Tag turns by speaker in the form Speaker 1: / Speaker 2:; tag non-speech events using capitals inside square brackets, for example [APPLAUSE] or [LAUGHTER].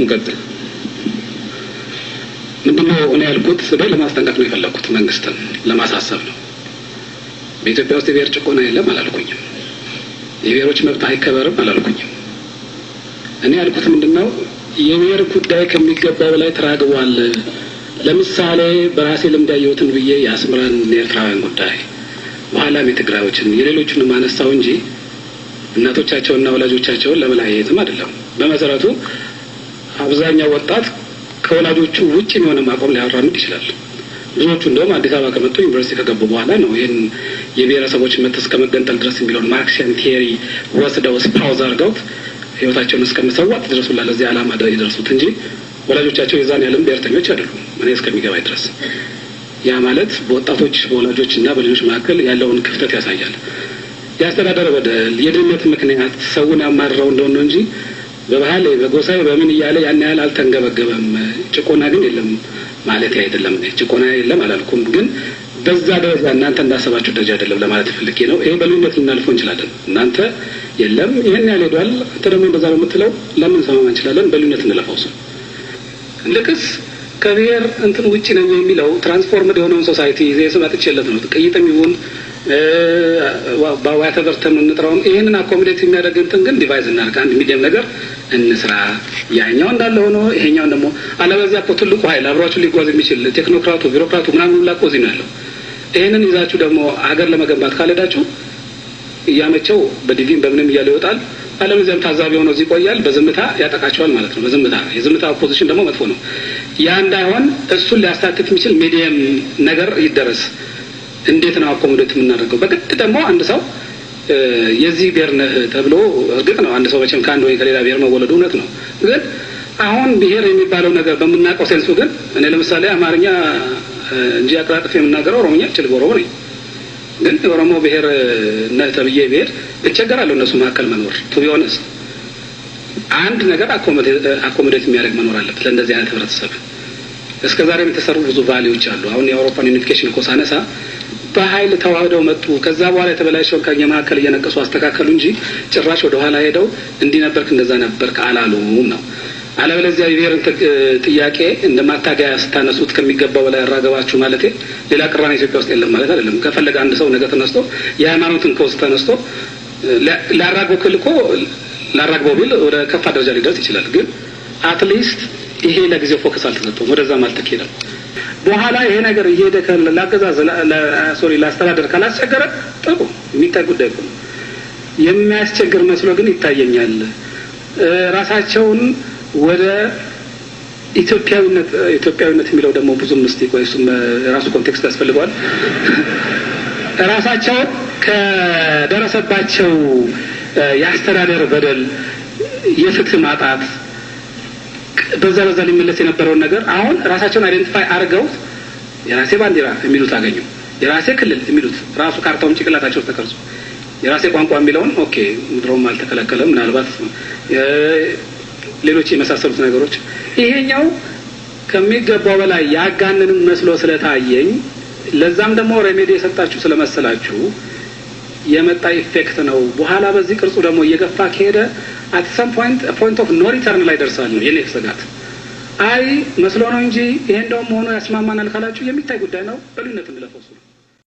Speaker 1: እንቀጥል። ምንድነው እኔ ያልኩት ስለ ለማስጠንቀቅ ነው የፈለግኩት፣ መንግስትን ለማሳሰብ ነው። በኢትዮጵያ ውስጥ የብሔር ጭቆና የለም አላልኩኝም። የብሔሮች መብት አይከበርም አላልኩኝም። እኔ ያልኩት ምንድነው የብሔር ጉዳይ ከሚገባው በላይ ተራግቧል። ለምሳሌ በራሴ ልምድ ያየሁትን ብዬ የአስመራን የኤርትራውያን ጉዳይ በኋላም የትግራዮችን የሌሎቹንም ማነሳው እንጂ እናቶቻቸውና ወላጆቻቸውን ለመለያየትም አይደለም በመሰረቱ አብዛኛው ወጣት ከወላጆቹ ውጭ የሆነ ማቆም ሊያራምድ ይችላል። ብዙዎቹ እንደውም አዲስ አበባ ከመጡ ዩኒቨርሲቲ ከገቡ በኋላ ነው ይህን የብሔረሰቦች መብት እስከ መገንጠል ድረስ የሚለውን ማርክሲያን ቲየሪ ወስደው ስፓውዝ አድርገውት ህይወታቸውን እስከ መሰዋት ድረሱላ ለዚህ ዓላማ የደረሱት እንጂ ወላጆቻቸው የዛን ያለም ብሔርተኞች አይደሉም። እኔ እስከሚገባኝ ድረስ ያ ማለት በወጣቶች በወላጆች እና በልጆች መካከል ያለውን ክፍተት ያሳያል። የአስተዳደር በደል፣ የድህነት ምክንያት ሰውን ያማርረው እንደሆነ እንጂ በባህል በጎሳዊ በምን እያለ ያን ያህል አልተንገበገበም። ጭቆና ግን የለም ማለት አይደለም። ጭቆና የለም አላልኩም፣ ግን በዛ ደረጃ እናንተ እንዳሰባችሁ ደረጃ አይደለም ለማለት ፈልጌ ነው። ይሄ በልዩነት ልናልፈው እንችላለን። እናንተ የለም ይህን ያህል ሄዷል፣ አንተ ደግሞ እንደዛ ነው የምትለው ለምን ሰማ እንችላለን። በልዩነት እንለፈው እሱን። ልክስ ከብሔር እንትን ውጭ ነው የሚለው ትራንስፎርምድ የሆነውን ሶሳይቲ ዜ ስመጥቼለት ነው ጥቅይት የሚሆን ባዋያ ተበርተ የምንጥረውም ይህንን አኮሚዴት የሚያደርግ እንትን ግን ዲቫይዝ እናድርግ። አንድ ሚዲየም ነገር እንስራ። ያኛው እንዳለ ሆኖ ይሄኛውን ደግሞ አለበዚያ እኮ ትልቁ ኃይል አብሯችሁ ሊጓዝ የሚችል ቴክኖክራቱ፣ ቢሮክራቱ ምናምን ላቆ እዚህ ነው ያለው። ይህንን ይዛችሁ ደግሞ አገር ለመገንባት ካልሄዳችሁ እያመቸው በዲቪን በምንም እያለ ይወጣል። አለበዚያም ታዛቢ ሆኖ እዚህ ይቆያል። በዝምታ ያጠቃቸዋል ማለት ነው። በዝምታ የዝምታ ኦፖዚሽን ደግሞ መጥፎ ነው። ያ እንዳይሆን እሱን ሊያስታክት የሚችል ሚዲየም ነገር ይደረስ። እንዴት ነው አኮሞዴት የምናደርገው? በግድ ደግሞ አንድ ሰው የዚህ ብሔር ነህ ተብሎ እርግጥ ነው አንድ ሰው መቼም ከአንድ ወይ ከሌላ ብሔር መወለዱ እውነት ነው። ግን አሁን ብሔር የሚባለው ነገር በምናውቀው ሴንሱ ግን እኔ ለምሳሌ አማርኛ እንጂ አቀላጥፍ የምናገረው ኦሮሞኛ ችል ኦሮሞ ነኝ። ግን የኦሮሞ ብሔር ነህ ተብዬ ብሄድ እቸገራለሁ እነሱ መካከል መኖር ቢሆንስ አንድ ነገር አኮሞዴት የሚያደርግ መኖር አለበት ለእንደዚህ አይነት ህብረተሰብ። እስከ ዛሬም የተሰሩ ብዙ ቫሊዎች አሉ። አሁን የአውሮፓን ዩኒፊኬሽን እኮ ሳነሳ በኃይል ተዋህደው መጡ። ከዛ በኋላ የተበላሸውን መካከል እየነቀሱ አስተካከሉ እንጂ ጭራሽ ወደ ኋላ ሄደው እንዲህ ነበርክ እንደዛ ነበርክ አላሉም ነው። አለበለዚያ የብሔርን ጥያቄ እንደ ማታገያ ስታነሱት ከሚገባው በላይ ያራገባችሁ ማለት ሌላ ቅራኔ ኢትዮጵያ ውስጥ የለም ማለት አይደለም። ከፈለገ አንድ ሰው ነገ ተነስቶ የሃይማኖትን ከውስጥ ተነስቶ ላራግቦ ክልኮ ላራግቦ ቢል ወደ ከፋ ደረጃ ሊደርስ ይችላል። ግን አትሊስት ይሄ ለጊዜው ፎከስ አልተሰጠውም፣ ወደዛም አልተካሄደም። በኋላ ይሄ ነገር እየሄደ ለአገዛዝ ሶሪ ለአስተዳደር ካላስቸገረ ጥሩ የሚታይ ጉዳይ ነው። የሚያስቸግር መስሎ ግን ይታየኛል። ራሳቸውን ወደ ኢትዮጵያዊነት ኢትዮጵያዊነት የሚለው ደግሞ ብዙም እስኪ ቆይ እሱም ራሱ ኮንቴክስት ያስፈልገዋል። [LAUGHS] ራሳቸው ከደረሰባቸው የአስተዳደር በደል፣ የፍትህ ማጣት በዛ በዛ ሊመለስ የነበረውን ነገር አሁን ራሳቸውን አይደንቲፋይ አድርገውት የራሴ ባንዲራ የሚሉት አገኙ፣ የራሴ ክልል የሚሉት ራሱ ካርታውም ጭቅላታቸው ተቀርጾ የራሴ ቋንቋ የሚለውን ኦኬ ድሮም አልተከለከለም። ምናልባት ሌሎች የመሳሰሉት ነገሮች ይሄኛው ከሚገባው በላይ ያጋንን መስሎ ስለታየኝ ለዛም ደግሞ ሬሜዲ የሰጣችሁ ስለመሰላችሁ የመጣ ኢፌክት ነው። በኋላ በዚህ ቅርጹ ደግሞ እየገፋ ከሄደ አት ሰም ፖይንት ፖይንት ኦፍ ኖ ሪተርን ላይ ደርሳል ነው የኔ ስጋት። አይ መስሎ ነው እንጂ ይሄ እንደውም ሆኖ ያስማማናል ካላችሁ የሚታይ ጉዳይ ነው። በልዩነት እንለፈው